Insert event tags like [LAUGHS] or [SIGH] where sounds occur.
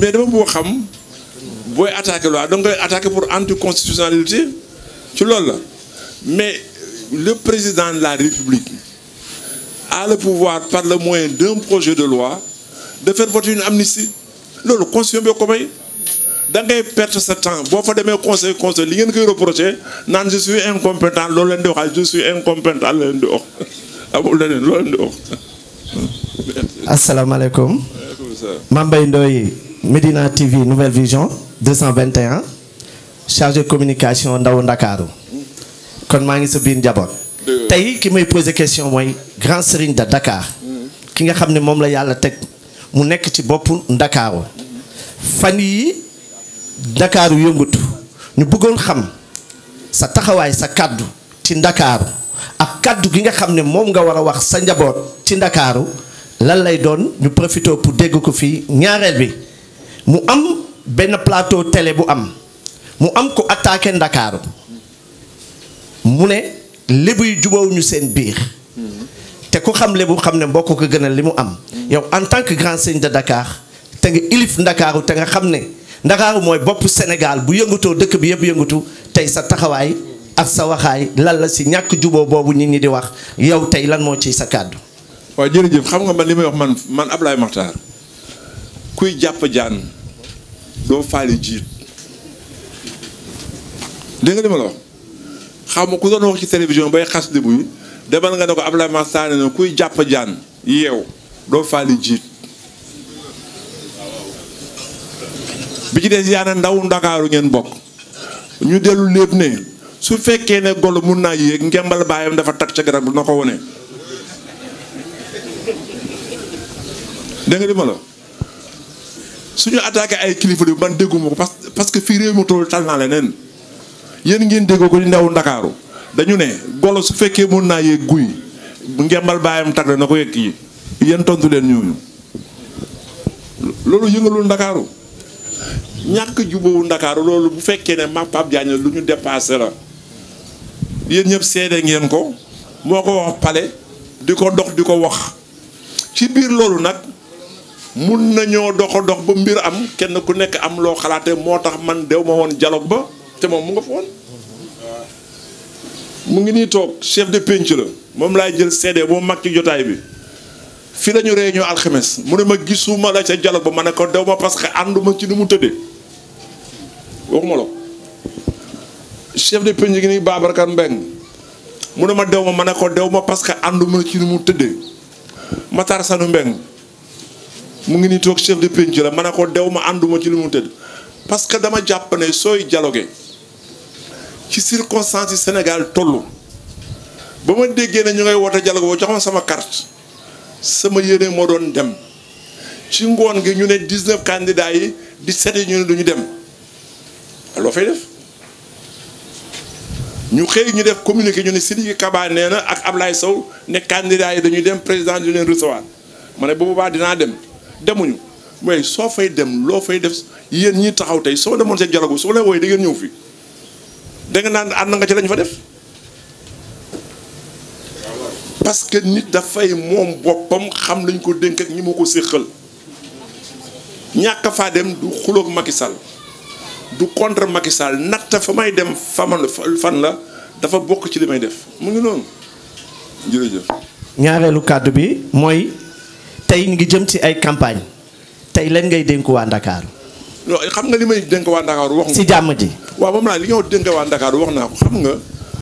mais dama boo xam booy attaqué loi donc ngay attaqué pour anticonstitutionnalité ci loolu la mais le président de la république a le pouvoir par le moyen d'un projet de loi de faire voter une amnistie loolu constitution bi ko may da ngay perte sa temps boo fa demee conseil conseil li ngeen koy reproché naan je suis incompétent loolu leen di wax je suis incompétent la leen di wax [LAUGHS] leneen loolu leen di wax. [LAUGHS] asalaamaaleykum. Mame Medina TV Nouvelle Vision 221 chargé communication ndaw ndakaaru kon maa ngi sa biir njaboot. tey ki may posé question mooy grand serigne de Dakar. ki nga xam ne moom la yàlla teg mu nekk ci boppu ndakaaru fan yi ndakaaru yëngatu ñu bëggoon xam sa taxawaay sa kàddu ci ndakaaru ak kàddu gi nga xam ne moom nga war a wax sa njaboot ci ndakaaru lan lay doon ñu profité pour dégg ko fii ñaareel bi. mu am benn plateau tele bu am mu am ko attaqué Ndakaaru mu ne lébu yi jubawuñu seen biir te ku xam lébu xam ne mbokk ko gënal li mu am yow en tant que grand seigneur de ndakaar te nga ilif Ndakaaru te nga xam ne Ndakaaru mooy bopp Sénégal bu yëngatoo dëkk bi yëpp yëngatu tey sa taxawaay ak sa waxaay lan la si ñàkk juboo boobu ñu ñi di wax yow tey lan moo ci sa kàddu waaw jërëjëf xam nga man li may wax man man Ablaye Makhtar kuy jàpp jaan doo faale jiit dégg nga li ku doon wax ci télévision bay xas Lébu demal nga ne ko Abdoulaye Mar Sané ne kuy jàpp jaan yeew doo faale jiit bi ci des yaa ne ndaw ndakaaru ngeen bokk ñu dellu lépp ne su fekkee ne golo mun naa yéeg ngembal baayam dafa takk ca garab na ko wone dégg nga suñu attaqué ay kilifa yu ban dégguma ko parce parce que fii réew mi toll tal naa leneen yéen ngeen déggoo ko di ndaw ndakaaru dañu ne golo su fekkee mën naa yéeg guy ngembal baayam tag na ko yegg yi yéen tontu leen ñooñu loolu yëngalul ndakaaru ñàkk jubóowu ndakaaru loolu bu fekkee ne mag Pape Diagne lu ñu dépassé la yéen ñëpp seede ngeen ko moo ko wax pale di ko dox di ko wax ci biir loolu nag mun nañoo dox dox ba mbir am kenn ku nekk am loo xalaatee moo tax man dew ma woon dialogue ba te moom mu nga fa woon mu ngi nii toog chef de pénc la moom laay jël seede moo mag ci jotaay bi fii la ñu réunion alxames mu ne ma gisuma la ca dialogue ba ma ne ko dew ma parce que ànduma ci ni mu tëddee waxuma la nii Babacar Mbengue mu ne ma dew ma ma ne dew ma parce que ànduma ci ni mu tëddee Sanu Mbengue mu ngi ni toog chef de penc la ma ne ko dew ma ànduma ci li mu tëdd parce que dama jàpp ne sooy dialogué ci circonstance yi Sénégal tollu ba ma déggee ne ñu ngay woote dialogue boo jox ma sama carte sama yéene moo doon dem ci ngoon gi ñu ne 19 candidats yi 17 yi ñu ne duñu dem loo fay def ñu xëy ñu def communiqué ñu ne Sidiki Kaba nee na ak Ablaye Sow ne candidats yi dañuy dem président di leen recevoir ma ne bu boobaa dinaa dem. demuñu mais soo fay dem loo fay def yéen ñi taxaw tey soo demoon seen dialogue soo lay wooyee da ngeen ñëw fii da nga naan ànd nga ci lañu fa def parce que nit dafay moom boppam xam lañ ko dénk ak ñi ma ko séqal ñàkk faa dem du xuloog Macky du contre Macky Sall natt fa may dem faman fan la dafa bokk ci li may def mu ngi noonu jërëjëf. ñaareelu kàddu bi mooy. tey ñu ngi jëm ci ay campagne tey leen ngay dënk waa Ndakaaru. non xam nga li may dënk waa Ndakaaru wax. ci jàmm ji. waaw moom laa li nga dénk waa Ndakaaru wax naa ko xam nga.